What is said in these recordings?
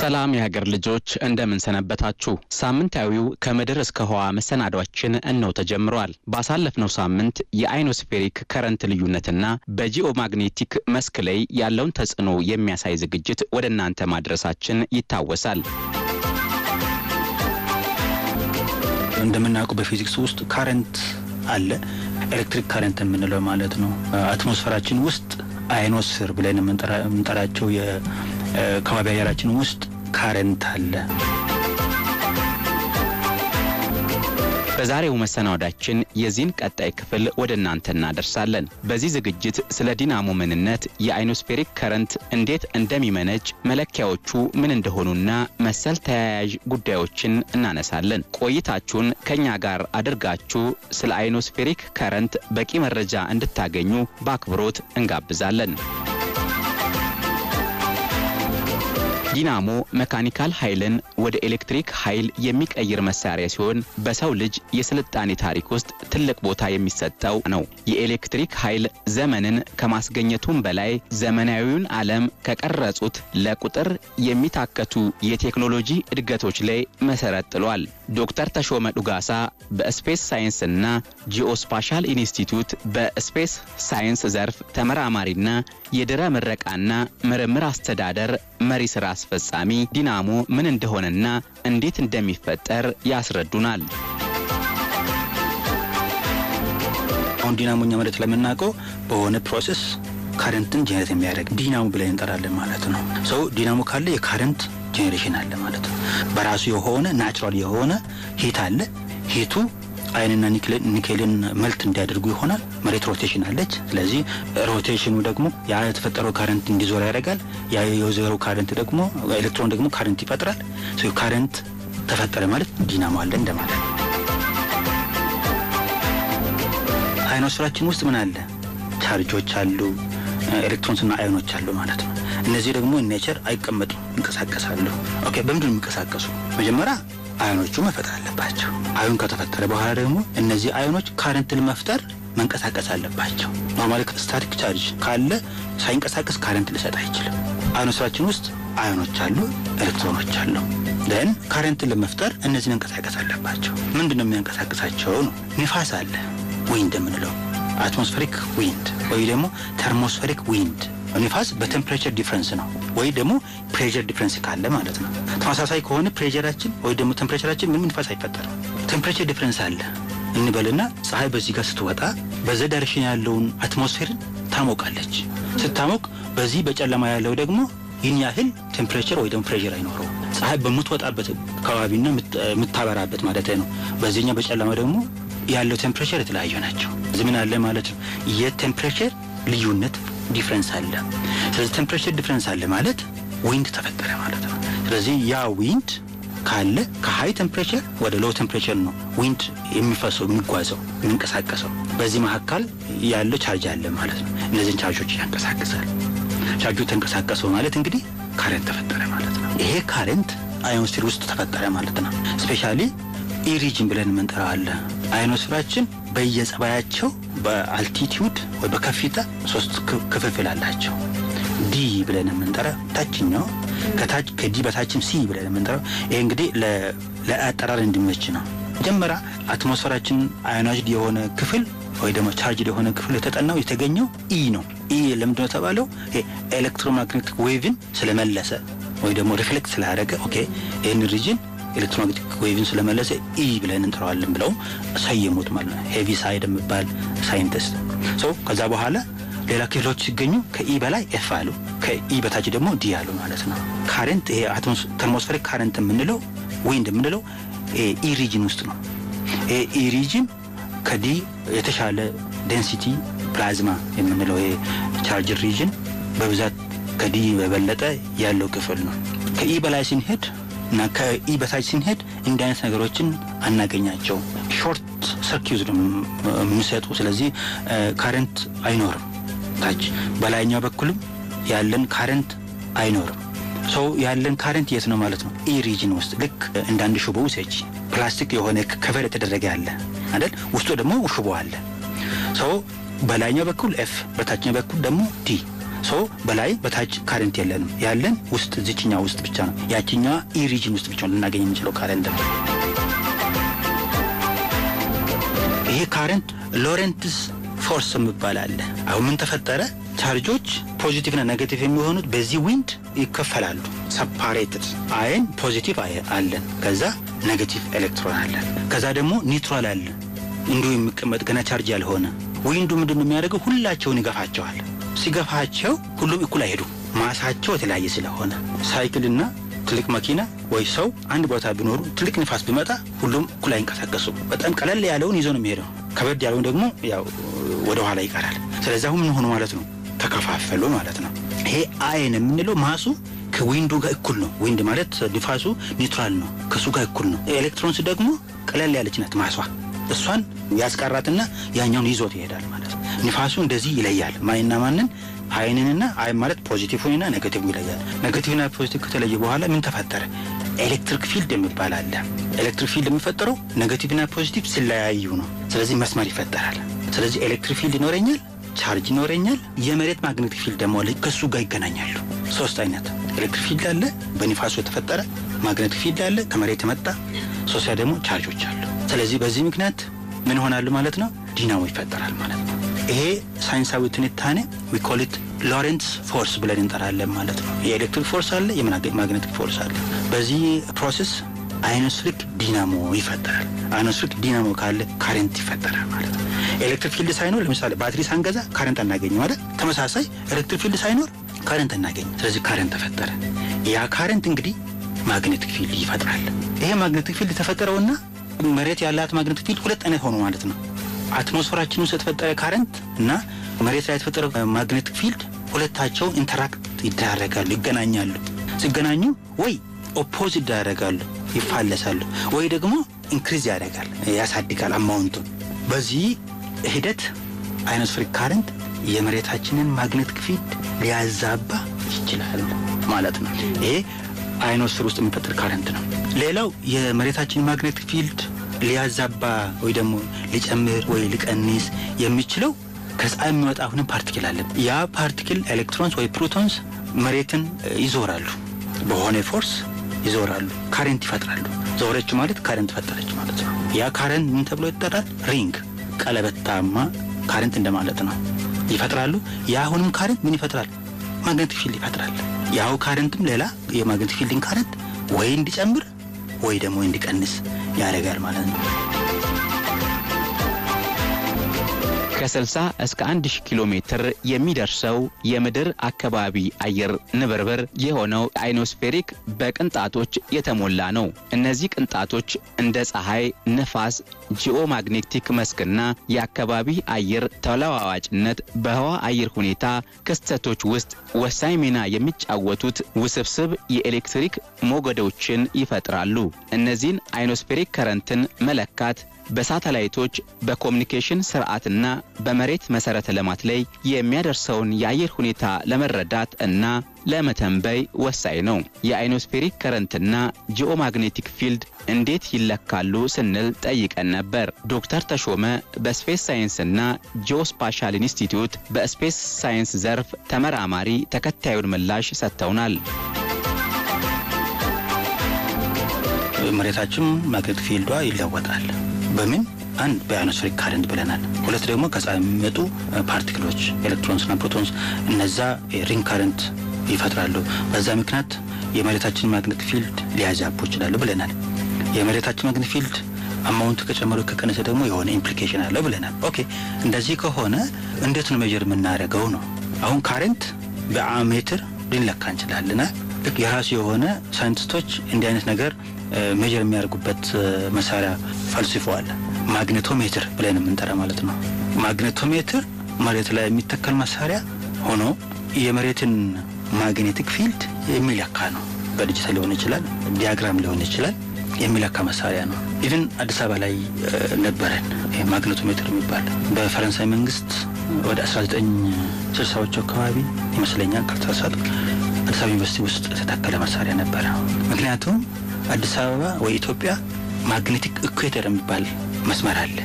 ሰላም የሀገር ልጆች እንደምን ሰነበታችሁ። ሳምንታዊው ከምድር እስከ ህዋ መሰናዷችን እነው ተጀምሯል። ባሳለፍነው ሳምንት የአይኖስፌሪክ ከረንት ልዩነትና በጂኦማግኔቲክ መስክ ላይ ያለውን ተጽዕኖ የሚያሳይ ዝግጅት ወደ እናንተ ማድረሳችን ይታወሳል። እንደምናውቀው በፊዚክስ ውስጥ ካረንት አለ። ኤሌክትሪክ ካረንት የምንለው ማለት ነው። አትሞስፈራችን ውስጥ አይኖስፌር ብለን የምንጠራቸው ከባቢ አየራችን ውስጥ ካረንት አለ። በዛሬው መሰናወዳችን የዚህን ቀጣይ ክፍል ወደ እናንተ እናደርሳለን። በዚህ ዝግጅት ስለ ዲናሞ ምንነት፣ የአይኖስፔሪክ ከረንት እንዴት እንደሚመነጭ፣ መለኪያዎቹ ምን እንደሆኑና መሰል ተያያዥ ጉዳዮችን እናነሳለን። ቆይታችሁን ከእኛ ጋር አድርጋችሁ ስለ አይኖስፔሪክ ከረንት በቂ መረጃ እንድታገኙ በአክብሮት እንጋብዛለን። ዲናሞ መካኒካል ኃይልን ወደ ኤሌክትሪክ ኃይል የሚቀይር መሳሪያ ሲሆን በሰው ልጅ የስልጣኔ ታሪክ ውስጥ ትልቅ ቦታ የሚሰጠው ነው። የኤሌክትሪክ ኃይል ዘመንን ከማስገኘቱም በላይ ዘመናዊውን ዓለም ከቀረጹት ለቁጥር የሚታከቱ የቴክኖሎጂ እድገቶች ላይ መሰረት ጥሏል። ዶክተር ተሾመ ዱጋሳ በስፔስ ሳይንስ እና ጂኦስፓሻል ኢንስቲትዩት በስፔስ ሳይንስ ዘርፍ ተመራማሪና የድረ ምረቃና ምርምር አስተዳደር መሪ ስራ አስፈጻሚ ዲናሞ ምን እንደሆነና እንዴት እንደሚፈጠር ያስረዱናል። አሁን ዲናሞኛ መሬት ለምናውቀው በሆነ ፕሮሰስ ካረንትን ጀነት የሚያደርግ ዲናሞ ብለን እንጠራለን ማለት ነው። ሰው ዲናሞ ካለ የካረንት ጄኔሬሽን አለ ማለት ነው። በራሱ የሆነ ናቹራል የሆነ ሂት አለ። ሂቱ አይንና ኒኬልን መልት እንዲያደርጉ ይሆናል። መሬት ሮቴሽን አለች። ስለዚህ ሮቴሽኑ ደግሞ ያ የተፈጠረው ካረንት እንዲዞር ያደርጋል። ያ የዞረው ካረንት ደግሞ ኤሌክትሮን ደግሞ ካረንት ይፈጥራል። ካረንት ተፈጠረ ማለት ዲናሞ አለ እንደማለት ነው። አይኖስራችን ውስጥ ምን አለ? ቻርጆች አሉ፣ ኤሌክትሮንስና አዮኖች አሉ ማለት ነው። እነዚህ ደግሞ ኔቸር አይቀመጡም፣ ይንቀሳቀሳሉ። ኦኬ፣ በምንድን የሚንቀሳቀሱ መጀመሪያ አዮኖቹ መፈጠር አለባቸው። አዮን ከተፈጠረ በኋላ ደግሞ እነዚህ አዮኖች ካረንትን መፍጠር መንቀሳቀስ አለባቸው። ኖርማሊ ስታቲክ ቻርጅ ካለ ሳይንቀሳቀስ ካረንት ሊሰጥ አይችልም። ስራችን ውስጥ አዮኖች አሉ፣ ኤሌክትሮኖች አሉ። ደን ካረንትን ለመፍጠር እነዚህ መንቀሳቀስ አለባቸው። ምንድነው የሚያንቀሳቅሳቸው ነው? ንፋስ አለ፣ ዊንድ የምንለው አትሞስፌሪክ ዊንድ ወይ ደግሞ ተርሞስፌሪክ ዊንድ ንፋስ በቴምፕሬቸር ዲፍረንስ ነው ወይ ደግሞ ፕሬዠር ዲፍረንስ ካለ ማለት ነው። ተመሳሳይ ከሆነ ፕሬዠራችን ወይ ደግሞ ቴምፕሬቸራችን ምንም ንፋስ አይፈጠርም። ቴምፕሬቸር ዲፍረንስ አለ እንበልና ፀሐይ በዚህ ጋር ስትወጣ በዛ ዳይሬክሽን ያለውን አትሞስፌርን ታሞቃለች። ስታሞቅ በዚህ በጨለማ ያለው ደግሞ ይህን ያህል ቴምፕሬቸር ወይ ደግሞ ፕሬዠር አይኖረው። ፀሐይ በምትወጣበት አካባቢና የምታበራበት ማለት ነው። በዚህኛው በጨለማ ደግሞ ያለው ቴምፕሬቸር የተለያዩ ናቸው። ዝምን አለ ማለት ነው የቴምፕሬቸር ልዩነት ዲፍረንስ አለ። ስለዚህ ቴምፕሬቸር ዲፍረንስ አለ ማለት ዊንድ ተፈጠረ ማለት ነው። ስለዚህ ያ ዊንድ ካለ ከሀይ ቴምፕሬቸር ወደ ሎው ቴምፕሬቸር ነው ዊንድ የሚፈሰው የሚጓዘው የሚንቀሳቀሰው። በዚህ መካከል ያለው ቻርጅ አለ ማለት ነው። እነዚህን ቻርጆች ያንቀሳቅሳል። ቻርጁ ተንቀሳቀሰው ማለት እንግዲህ ካረንት ተፈጠረ ማለት ነው። ይሄ ካረንት አዮኖስፌር ውስጥ ተፈጠረ ማለት ነው። ስፔሻሊ ኢሪጅን e ብለን የምንጠራው አለ አዮኖስፌራችን በየጸባያቸው በአልቲቲዩድ ወይ በከፊታ ሶስት ክፍፍል አላቸው። ዲ ብለን የምንጠራ ታችኛው ከታች ከዲ በታችም ሲ ብለን የምንጠራው ይሄ እንግዲህ ለአጠራር እንዲመች ነው። መጀመሪያ አትሞስፌራችን አዮናይዝድ የሆነ ክፍል ወይ ደግሞ ቻርጅድ የሆነ ክፍል የተጠናው የተገኘው ኢ ነው። ኢ ለምንድን ነው የተባለው? ኤሌክትሮማግኔቲክ ዌቭን ስለመለሰ ወይ ደግሞ ሪፍሌክት ስላደረገ ኦኬ፣ ይህን ሪጅን ኤሌክትሮማግኔቲክ ዌቭን ስለመለሰ ኢ ብለን እንጥረዋለን ብለው ሰየሙት ማለት ነው። ሄቪ ሳይድ የሚባል ሳይንቲስት ሰው። ከዛ በኋላ ሌላ ክፍሎች ሲገኙ ከኢ በላይ ኤፍ አሉ፣ ከኢ በታች ደግሞ ዲ አሉ ማለት ነው። ካረንት ይሄ ተርሞስፌሪክ ካረንት የምንለው ዊንድ የምንለው ኢ ሪጅን ውስጥ ነው። ይሄ ኢ ሪጅን ከዲ የተሻለ ዴንሲቲ ፕላዝማ የምንለው ይሄ ቻርጅር ሪጅን በብዛት ከዲ በበለጠ ያለው ክፍል ነው። ከኢ በላይ ስንሄድ እና ከኢ በታች ስንሄድ እንዲህ አይነት ነገሮችን አናገኛቸው። ሾርት ሰርኪዩዝ ነው የሚሰጡ። ስለዚህ ካረንት አይኖርም። ታች በላይኛው በኩልም ያለን ካረንት አይኖርም። ሰው ያለን ካረንት የት ነው ማለት ነው? ኢ ሪጅን ውስጥ ልክ እንደ አንድ ሽቦ ውሰጂ፣ ፕላስቲክ የሆነ ከቨር የተደረገ ያለ አይደል? ውስጡ ደግሞ ሽቦ አለ። ሰው በላይኛው በኩል ኤፍ፣ በታችኛው በኩል ደግሞ ዲ ሶ በላይ በታች ካረንት የለንም። ያለን ውስጥ ዝችኛ ውስጥ ብቻ ነው። ያችኛ ኢሪጅን ውስጥ ብቻ ነው ልናገኝ የምንችለው ካረንት። ይሄ ካረንት ሎረንትስ ፎርስ የሚባል አሁን ምን ተፈጠረ? ቻርጆች ፖዚቲቭና ነገቲቭ የሚሆኑት በዚህ ዊንድ ይከፈላሉ። ሰፓሬትድ አይን ፖዚቲቭ አለን፣ ከዛ ነገቲቭ ኤሌክትሮን አለን፣ ከዛ ደግሞ ኒውትራል አለ እንዲሁ የሚቀመጥ ገና ቻርጅ ያልሆነ ዊንዱ ምንድን ነው የሚያደርገው? ሁላቸውን ይገፋቸዋል። ሲገፋቸው ሁሉም እኩል አይሄዱም። ማሳቸው የተለያየ ስለሆነ ሳይክልና ትልቅ መኪና ወይ ሰው አንድ ቦታ ቢኖሩ ትልቅ ንፋስ ቢመጣ ሁሉም እኩል አይንቀሳቀሱ። በጣም ቀለል ያለውን ይዞ ነው የሚሄደው። ከበድ ያለውን ደግሞ ያው ወደ ኋላ ይቀራል። ስለዚህ አሁን ምን ሆኑ ማለት ነው? ተከፋፈሉ ማለት ነው። ይሄ አይን የምንለው ማሱ ከዊንዱ ጋር እኩል ነው። ዊንድ ማለት ንፋሱ ኒውትራል ነው፣ ከሱ ጋር እኩል ነው። ኤሌክትሮንስ ደግሞ ቀለል ያለች ናት ማሷ። እሷን ያስቀራትና ያኛውን ይዞት ይሄዳል ማለት ነው። ንፋሱ እንደዚህ ይለያል። ማንና ማንን አይንንና አይ ማለት ፖዚቲቭና ኔጋቲቭ ይለያል። ኔጋቲቭና ፖዚቲቭ ከተለየ በኋላ ምን ተፈጠረ? ኤሌክትሪክ ፊልድ የሚባል አለ። ኤሌክትሪክ ፊልድ የሚፈጠረው ኔጋቲቭና ፖዚቲቭ ሲለያዩ ነው። ስለዚህ መስመር ይፈጠራል። ስለዚህ ኤሌክትሪክ ፊልድ ይኖረኛል፣ ቻርጅ ይኖረኛል። የመሬት ማግኔቲክ ፊልድ ደግሞ ከሱ ጋር ይገናኛሉ። ሶስት አይነት ኤሌክትሪክ ፊልድ አለ፣ በንፋሱ የተፈጠረ ማግኔቲክ ፊልድ አለ፣ ከመሬት የመጣ ሶስት ደግሞ ቻርጆች አሉ። ስለዚህ በዚህ ምክንያት ምን ሆናሉ ማለት ነው? ዲናሞ ይፈጠራል ማለት ነው። ይሄ ሳይንሳዊ ትንታኔ ዊኮሊት ሎሬንትስ ፎርስ ብለን እንጠራለን ማለት ነው። የኤሌክትሪክ ፎርስ አለ፣ የማግኔቲክ ፎርስ አለ። በዚህ ፕሮሰስ አይኖስሪክ ዲናሞ ይፈጠራል። አይኖስሪክ ዲናሞ ካለ ካረንት ይፈጠራል ማለት ነው። ኤሌክትሪክ ፊልድ ሳይኖር ለምሳሌ ባትሪ ሳንገዛ ካረንት አናገኝም ማለት ተመሳሳይ ኤሌክትሪክ ፊልድ ሳይኖር ካረንት እናገኝ። ስለዚህ ካረንት ተፈጠረ። ያ ካረንት እንግዲህ ማግኔቲክ ፊልድ ይፈጥራል። ይሄ ማግኔቲክ ፊልድ ተፈጠረውና መሬት ያላት ማግኔቲክ ፊልድ ሁለት አይነት ሆኖ ማለት ነው አትሞስፈራችን ውስጥ የተፈጠረ ካረንት እና መሬት ላይ የተፈጠረ ማግኔቲክ ፊልድ ሁለታቸው ኢንተራክት ይደረጋሉ፣ ይገናኛሉ። ሲገናኙ ወይ ኦፖዝ ይደረጋሉ፣ ይፋለሳሉ፣ ወይ ደግሞ ኢንክሪዝ ያደርጋል፣ ያሳድጋል አማውንቱ። በዚህ ሂደት አይኖስፌሪክ ካረንት የመሬታችንን ማግኔቲክ ፊልድ ሊያዛባ ይችላል ማለት ነው። ይሄ አይኖስፌር ውስጥ የሚፈጥር ካረንት ነው። ሌላው የመሬታችን ማግኔቲክ ፊልድ ሊያዛባ ወይ ደግሞ ሊጨምር ወይ ሊቀንስ የሚችለው ከፀሐይ የሚወጣ አሁንም ፓርቲክል አለ። ያ ፓርቲክል ኤሌክትሮንስ ወይ ፕሮቶንስ መሬትን ይዞራሉ፣ በሆነ ፎርስ ይዞራሉ፣ ካረንት ይፈጥራሉ። ዞረች ማለት ካረንት ፈጠረች ማለት ነው። ያ ካረንት ምን ተብሎ ይጠራል? ሪንግ፣ ቀለበታማ ካረንት እንደማለት ነው። ይፈጥራሉ። ያ አሁንም ካረንት ምን ይፈጥራል? ማግኔቲክ ፊልድ ይፈጥራል። ያው ካረንትም ሌላ የማግኔቲክ ፊልድን ካረንት ወይ እንዲጨምር ወይ ደግሞ እንዲቀንስ ያደርጋል ማለት ነው። ከ60 እስከ 1000 ኪሎ ሜትር የሚደርሰው የምድር አካባቢ አየር ንብርብር የሆነው አይኖስፌሪክ በቅንጣቶች የተሞላ ነው። እነዚህ ቅንጣቶች እንደ ፀሐይ፣ ነፋስ፣ ጂኦማግኔቲክ መስክና የአካባቢ አየር ተለዋዋጭነት በህዋ አየር ሁኔታ ክስተቶች ውስጥ ወሳኝ ሚና የሚጫወቱት ውስብስብ የኤሌክትሪክ ሞገዶችን ይፈጥራሉ። እነዚህን አይኖስፔሪክ ከረንትን መለካት በሳተላይቶች በኮሚኒኬሽን ስርዓትና በመሬት መሰረተ ልማት ላይ የሚያደርሰውን የአየር ሁኔታ ለመረዳት እና ለመተንበይ ወሳኝ ነው። የአይኖስፌሪክ ከረንትና ጂኦማግኔቲክ ፊልድ እንዴት ይለካሉ ስንል ጠይቀን ነበር። ዶክተር ተሾመ በስፔስ ሳይንስና ጂኦስፓሻል ኢንስቲትዩት በስፔስ ሳይንስ ዘርፍ ተመራማሪ ተከታዩን ምላሽ ሰጥተውናል። መሬታችን ማግኔቲክ ፊልዷ ይለወጣል። በምን አንድ በአይኖስፌሪክ ካረንት ብለናል። ሁለት ደግሞ ከፀሐይ የሚመጡ ፓርቲክሎች ኤሌክትሮንስና ፕሮቶንስ እነዛ ሪንግ ካረንት ይፈጥራሉ። በዛ ምክንያት የመሬታችን ማግኔት ፊልድ ሊያዛቡ ይችላሉ ብለናል። የመሬታችን ማግኔት ፊልድ አማውንቱ ከጨመሩ ከቀነሰ ደግሞ የሆነ ኢምፕሊኬሽን አለው ብለናል። ኦኬ እንደዚህ ከሆነ እንዴት ነው ሜጀር የምናደርገው ነው? አሁን ካረንት በሜትር ልንለካ እንችላለን። የራሱ የሆነ ሳይንቲስቶች እንዲህ አይነት ነገር ሜጀር የሚያደርጉበት መሳሪያ ፈልስፈዋል። ማግኔቶሜትር ብለን የምንጠራ ማለት ነው። ማግኔቶሜትር መሬት ላይ የሚተከል መሳሪያ ሆኖ የመሬትን ማግኔቲክ ፊልድ የሚለካ ነው። በዲጂታል ሊሆን ይችላል፣ ዲያግራም ሊሆን ይችላል። የሚለካ መሳሪያ ነው። ኢቭን አዲስ አበባ ላይ ነበረን ማግኔቶሜትር የሚባል በፈረንሳይ መንግስት ወደ 1960ዎቹ አካባቢ ይመስለኛል ካልተሳሳትኩ አዲስ አበባ ዩኒቨርሲቲ ውስጥ የተተከለ መሳሪያ ነበረ። ምክንያቱም አዲስ አበባ ወይ ኢትዮጵያ ማግኔቲክ ኢኩዌተር የሚባል መስመር አለ።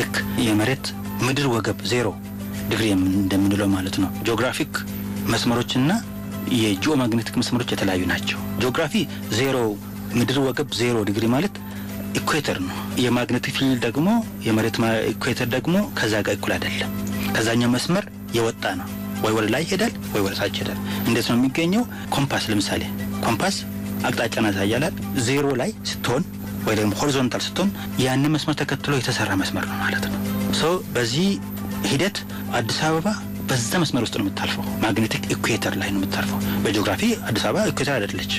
ልክ የመሬት ምድር ወገብ ዜሮ ዲግሪ እንደምንለው ማለት ነው። ጂኦግራፊክ መስመሮችና የጂኦ ማግኔቲክ መስመሮች የተለያዩ ናቸው። ጂኦግራፊ ዜሮ ምድር ወገብ ዜሮ ዲግሪ ማለት ኢኩዌተር ነው። የማግኔቲክ ፊልድ ደግሞ የመሬት ኢኩዌተር ደግሞ ከዛ ጋር እኩል አይደለም። ከዛኛው መስመር የወጣ ነው። ወይ ወደ ላይ ይሄዳል፣ ወይ ወደ ታች ይሄዳል። እንዴት ነው የሚገኘው? ኮምፓስ ለምሳሌ ኮምፓስ አቅጣጫን ያሳያላል። ዜሮ ላይ ስትሆን ወይ ደግሞ ሆሪዞንታል ስትሆን ያንን መስመር ተከትሎ የተሰራ መስመር ነው ማለት ነው። ሰው በዚህ ሂደት አዲስ አበባ በዛ መስመር ውስጥ ነው የምታልፈው። ማግኔቲክ ኢኩዌተር ላይ ነው የምታልፈው። በጂኦግራፊ አዲስ አበባ ኢኩዌተር አይደለች፣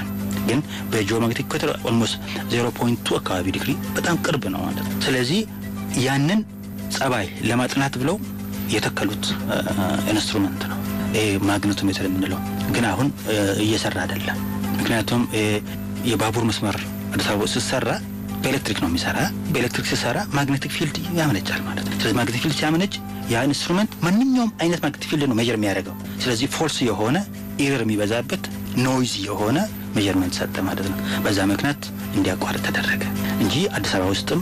ግን በጂኦማግኔቲክ ኢኩዌተር ኦልሞስት ዜሮ ፖይንት አካባቢ ዲግሪ በጣም ቅርብ ነው ማለት ነው። ስለዚህ ያንን ጸባይ ለማጥናት ብለው የተከሉት ኢንስትሩመንት ነው ይሄ ማግኔቶሜትር የምንለው። ግን አሁን እየሰራ አይደለም። ምክንያቱም የባቡር መስመር አዲስ አበባ ስትሰራ በኤሌክትሪክ ነው የሚሰራ። በኤሌክትሪክ ሲሰራ ማግኔቲክ ፊልድ ያመነጫል ማለት ነው። ስለዚህ ማግኔቲክ ፊልድ ሲያመነጭ ያ ኢንስትሩመንት ማንኛውም አይነት ማግኔቲክ ፊልድ ነው ሜጀር የሚያደርገው። ስለዚህ ፎልስ የሆነ ኤረር የሚበዛበት ኖይዝ የሆነ ሜጀርመንት ሰጠ ማለት ነው። በዛ ምክንያት እንዲያቋርጥ ተደረገ እንጂ አዲስ አበባ ውስጥም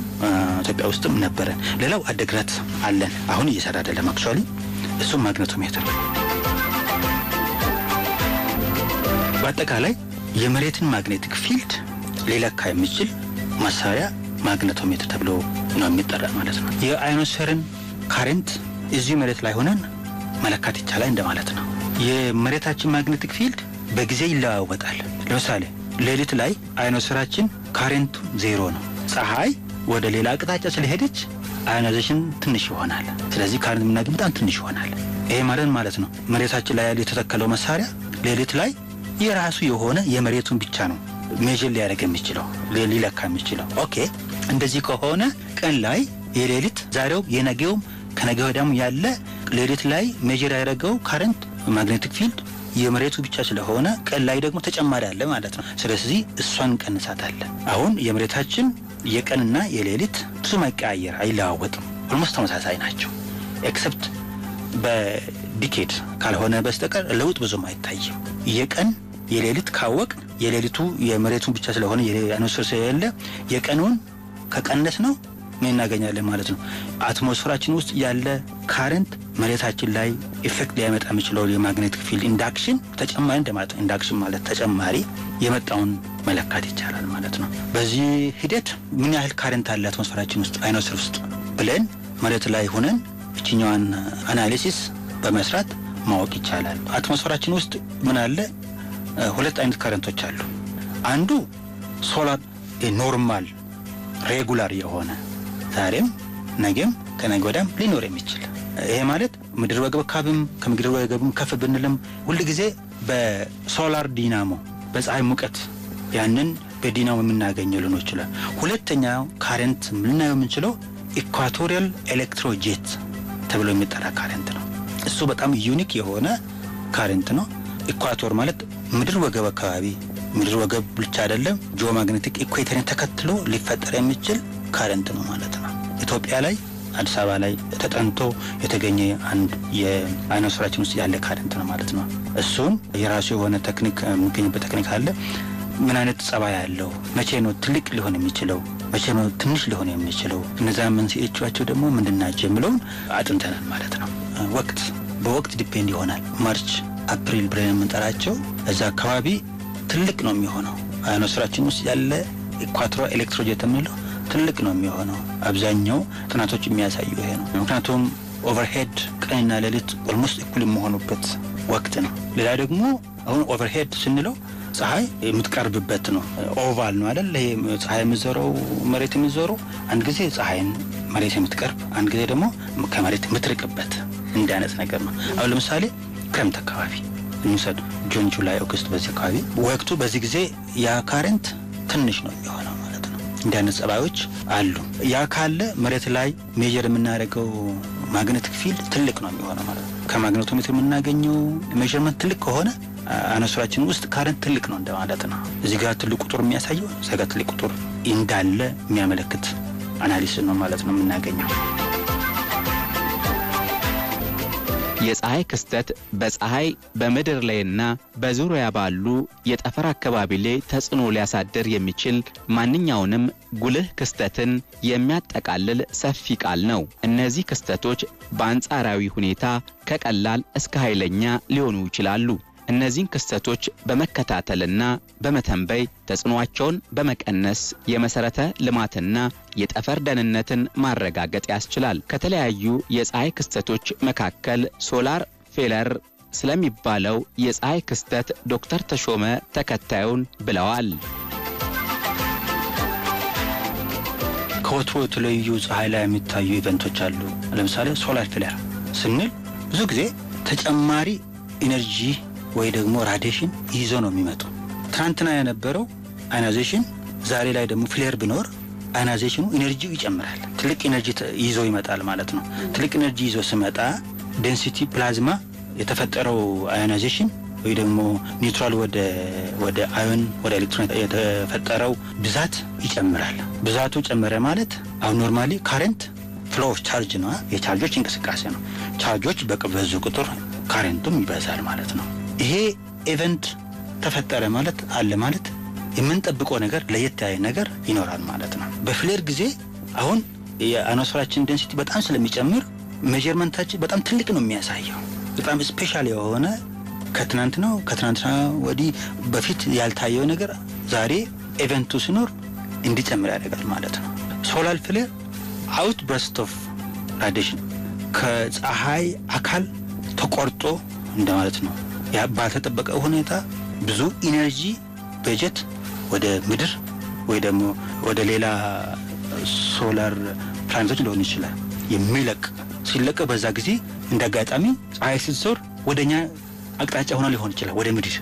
ኢትዮጵያ ውስጥም ነበረ። ሌላው አደግራት አለን። አሁን እየሰራ አይደለም አክቹዋሊ። እሱም ማግነቶ ሜትር። በአጠቃላይ የመሬትን ማግኔቲክ ፊልድ ሊለካ የሚችል መሳሪያ ማግነቶሜትር ተብሎ ነው የሚጠራ ማለት ነው። የአይኖስፌርን ካረንት እዚሁ መሬት ላይ ሆነን መለካት ይቻላል እንደማለት ነው። የመሬታችን ማግኔቲክ ፊልድ በጊዜ ይለዋወጣል። ለምሳሌ ሌሊት ላይ አይኖስራችን ካሬንቱ ዜሮ ነው። ፀሐይ ወደ ሌላ አቅጣጫ ስለሄደች አይኖዜሽን ትንሽ ይሆናል። ስለዚህ ካሬንት የምናገኝ በጣም ትንሽ ይሆናል። ይሄ ማለት ማለት ነው መሬታችን ላይ ያለ የተተከለው መሳሪያ ሌሊት ላይ የራሱ የሆነ የመሬቱን ብቻ ነው ሜዥር ሊያደርግ የሚችለው ሊለካ የሚችለው። ኦኬ እንደዚህ ከሆነ ቀን ላይ የሌሊት ዛሬው የነገውም ከነገ ወዲያም ያለ ሌሊት ላይ ሜጀር ያደረገው ካረንት ማግኔቲክ ፊልድ የመሬቱ ብቻ ስለሆነ ቀን ላይ ደግሞ ተጨማሪ አለ ማለት ነው። ስለዚህ እሷን እንቀንሳታለን። አሁን የመሬታችን የቀንና የሌሊት ብዙም አይቀያየር፣ አይለዋወጥም። ኦልሞስት ተመሳሳይ ናቸው ኤክሰፕት በዲኬድ ካልሆነ በስተቀር ለውጥ ብዙም አይታይም። የቀን የሌሊት ካወቅ የሌሊቱ የመሬቱን ብቻ ስለሆነ አኖስፌር ስለሌለ የቀኑን ከቀነስ ነው እናገኛለን ማለት ነው። አትሞስፈራችን ውስጥ ያለ ካረንት መሬታችን ላይ ኢፌክት ሊያመጣ የሚችለው የማግኔቲክ ፊልድ ኢንዳክሽን ተጨማሪ እንደማለት ኢንዳክሽን ማለት ተጨማሪ የመጣውን መለካት ይቻላል ማለት ነው። በዚህ ሂደት ምን ያህል ካረንት አለ አትሞስፈራችን ውስጥ አይኖስር ውስጥ ብለን መሬት ላይ ሆነን ብቸኛዋን አናሊሲስ በመስራት ማወቅ ይቻላል። አትሞስፈራችን ውስጥ ምን አለ? ሁለት አይነት ካረንቶች አሉ። አንዱ ሶላር ኖርማል ሬጉላር የሆነ ዛሬም ነገም ከነገ ወዲያም ሊኖር የሚችል ይሄ ማለት ምድር በግብካብም ከምድር ወገብም ከፍ ብንልም ሁልጊዜ በሶላር ዲናሞ በፀሐይ ሙቀት ያንን በዲናሞ የምናገኘው ልኖ ይችላል። ሁለተኛው ካረንት ልናየው የምንችለው ኢኳቶሪያል ኤሌክትሮጄት ተብሎ የሚጠራ ካረንት ነው። እሱ በጣም ዩኒክ የሆነ ካረንት ነው። ኢኳቶር ማለት ምድር ወገብ አካባቢ ምድር ወገብ ብቻ አይደለም፣ ጂኦማግኔቲክ ኢኩዌተርን ተከትሎ ሊፈጠር የሚችል ካረንት ነው ማለት ነው። ኢትዮጵያ ላይ አዲስ አበባ ላይ ተጠንቶ የተገኘ አንድ ስራችን ውስጥ ያለ ካደንት ነው ማለት ነው። እሱን የራሱ የሆነ ቴክኒክ የሚገኝበት ቴክኒክ አለ። ምን አይነት ጸባይ ያለው መቼ ነው ትልቅ ሊሆን የሚችለው መቼ ነው ትንሽ ሊሆን የሚችለው እነዛ መንስኤዎቻቸው ደግሞ ምንድናቸው የሚለውን አጥንተናል ማለት ነው። ወቅት በወቅት ዲፔንድ ይሆናል። ማርች አፕሪል ብለን የምንጠራቸው እዛ አካባቢ ትልቅ ነው የሚሆነው ስራችን ውስጥ ያለ ኢኳትሮ ኤሌክትሮጀት የምንለው ትልቅ ነው የሚሆነው። አብዛኛው ጥናቶች የሚያሳዩ ይሄ ነው። ምክንያቱም ኦቨርሄድ ቀንና ሌሊት ኦልሞስት እኩል የመሆኑበት ወቅት ነው። ሌላ ደግሞ አሁን ኦቨርሄድ ስንለው ፀሐይ የምትቀርብበት ነው። ኦቫል ነው አይደል? ይሄ ፀሐይ የምትዞረው መሬት የምትዞረው አንድ ጊዜ ፀሐይን መሬት የምትቀርብ አንድ ጊዜ ደግሞ ከመሬት የምትርቅበት እንዲህ አይነት ነገር ነው። አሁን ለምሳሌ ክረምት አካባቢ እንውሰድ፣ ጁን፣ ጁላይ፣ ኦገስት በዚህ አካባቢ ወቅቱ በዚህ ጊዜ ያ ካረንት ትንሽ ነው የሚሆነው እንዲህ አይነት ጸባዮች አሉ። ያ ካለ መሬት ላይ ሜጀር የምናደርገው ማግኔቲክ ክፊል ትልቅ ነው የሚሆነው ማለት ነው። ከማግኔቶሜትር የምናገኘው ሜዥርመንት ትልቅ ከሆነ አነሱራችን ውስጥ ካረንት ትልቅ ነው እንደማለት ነው። እዚህ ጋር ትልቅ ቁጥር የሚያሳየው እዚያ ጋር ትልቅ ቁጥር እንዳለ የሚያመለክት አናሊስ ነው ማለት ነው የምናገኘው። የፀሐይ ክስተት በፀሐይ በምድር ላይና በዙሪያ ባሉ የጠፈር አካባቢ ላይ ተጽዕኖ ሊያሳድር የሚችል ማንኛውንም ጉልህ ክስተትን የሚያጠቃልል ሰፊ ቃል ነው። እነዚህ ክስተቶች በአንጻራዊ ሁኔታ ከቀላል እስከ ኃይለኛ ሊሆኑ ይችላሉ። እነዚህን ክስተቶች በመከታተልና በመተንበይ ተጽዕኖአቸውን በመቀነስ የመሰረተ ልማትና የጠፈር ደህንነትን ማረጋገጥ ያስችላል። ከተለያዩ የፀሐይ ክስተቶች መካከል ሶላር ፌለር ስለሚባለው የፀሐይ ክስተት ዶክተር ተሾመ ተከታዩን ብለዋል። ከወትሮ የተለዩ ፀሐይ ላይ የሚታዩ ኢቨንቶች አሉ። ለምሳሌ ሶላር ፌለር ስንል ብዙ ጊዜ ተጨማሪ ኢነርጂ ወይ ደግሞ ራዲሽን ይዞ ነው የሚመጡ። ትናንትና የነበረው አይናይዜሽን ዛሬ ላይ ደግሞ ፍሌር ቢኖር አይናይዜሽኑ ኢነርጂው ይጨምራል። ትልቅ ኢነርጂ ይዞ ይመጣል ማለት ነው። ትልቅ ኢነርጂ ይዞ ሲመጣ ዴንሲቲ ፕላዝማ የተፈጠረው አዮናይዜሽን ወይ ደግሞ ኒውትራል ወደ አዮን ወደ ኤሌክትሮን የተፈጠረው ብዛት ይጨምራል። ብዛቱ ጨመረ ማለት አሁን ኖርማሊ ካረንት ፍሎ ኦፍ ቻርጅ ነው፣ የቻርጆች እንቅስቃሴ ነው። ቻርጆች በቅበዙ ቁጥር ካረንቱም ይበዛል ማለት ነው። ይሄ ኢቨንት ተፈጠረ ማለት አለ ማለት የምንጠብቀው ነገር ለየት ያለ ነገር ይኖራል ማለት ነው። በፍሌር ጊዜ አሁን የአኖስፈራችን ደንሲቲ በጣም ስለሚጨምር ሜጀርመንታችን በጣም ትልቅ ነው የሚያሳየው። በጣም ስፔሻል የሆነ ከትናንት ነው ከትናንትና ወዲህ በፊት ያልታየው ነገር ዛሬ ኤቨንቱ ሲኖር እንዲጨምር ያደርጋል ማለት ነው። ሶላር ፍሌር አውት ብረስት ኦፍ ራዲሽን ከፀሐይ አካል ተቆርጦ እንደማለት ነው። ባልተጠበቀ ሁኔታ ብዙ ኢነርጂ በጀት ወደ ምድር ወይ ደግሞ ወደ ሌላ ሶላር ፕላኔቶች ሊሆን ይችላል የሚለቅ ሲለቀ በዛ ጊዜ እንደ አጋጣሚ ፀሐይ ስትዞር ወደ እኛ አቅጣጫ ሆና ሊሆን ይችላል ወደ ምድር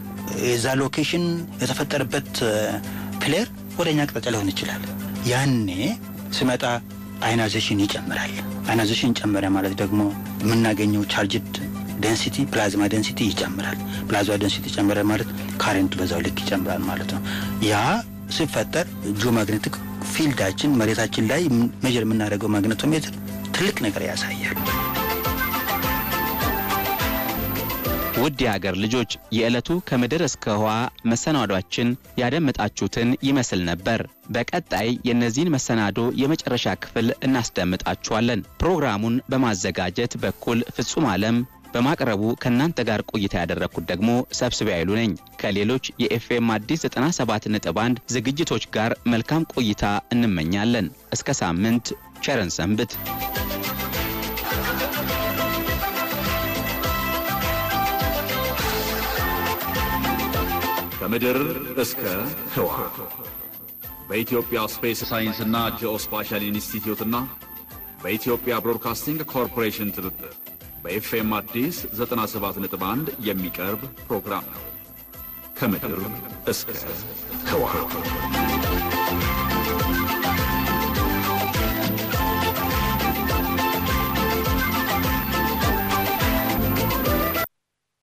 የዛ ሎኬሽን የተፈጠረበት ፕሌር ወደ እኛ አቅጣጫ ሊሆን ይችላል። ያኔ ስመጣ አይናዜሽን ይጨምራል። አይናዜሽን ጨመረ ማለት ደግሞ የምናገኘው ቻርጅድ ደንሲቲ ፕላዝማ ደንሲቲ ይጨምራል። ፕላዝማ ደንሲቲ ይጨምራል ማለት ካረንቱ በዛው ልክ ይጨምራል ማለት ነው። ያ ሲፈጠር ጂኦማግኔቲክ ፊልዳችን መሬታችን ላይ መጀር የምናደርገው ማግኔቶሜትር ትልቅ ነገር ያሳያል። ውድ የሀገር ልጆች የዕለቱ ከምድር እስከ ህዋ መሰናዷችን ያደምጣችሁትን ይመስል ነበር። በቀጣይ የእነዚህን መሰናዶ የመጨረሻ ክፍል እናስደምጣችኋለን። ፕሮግራሙን በማዘጋጀት በኩል ፍጹም ዓለም በማቅረቡ ከእናንተ ጋር ቆይታ ያደረግኩት ደግሞ ሰብስቢ አይሉ ነኝ። ከሌሎች የኤፍኤም አዲስ 97 ነጥብ 1 ዝግጅቶች ጋር መልካም ቆይታ እንመኛለን። እስከ ሳምንት ቸረን ሰንብት። ከምድር እስከ ህዋ በኢትዮጵያ ስፔስ ሳይንስና ጂኦስፓሻል ኢንስቲትዩትና በኢትዮጵያ ብሮድካስቲንግ ኮርፖሬሽን ትብብር በኤፍኤም አዲስ 97.1 የሚቀርብ ፕሮግራም ነው። ከምድር እስከ ህዋ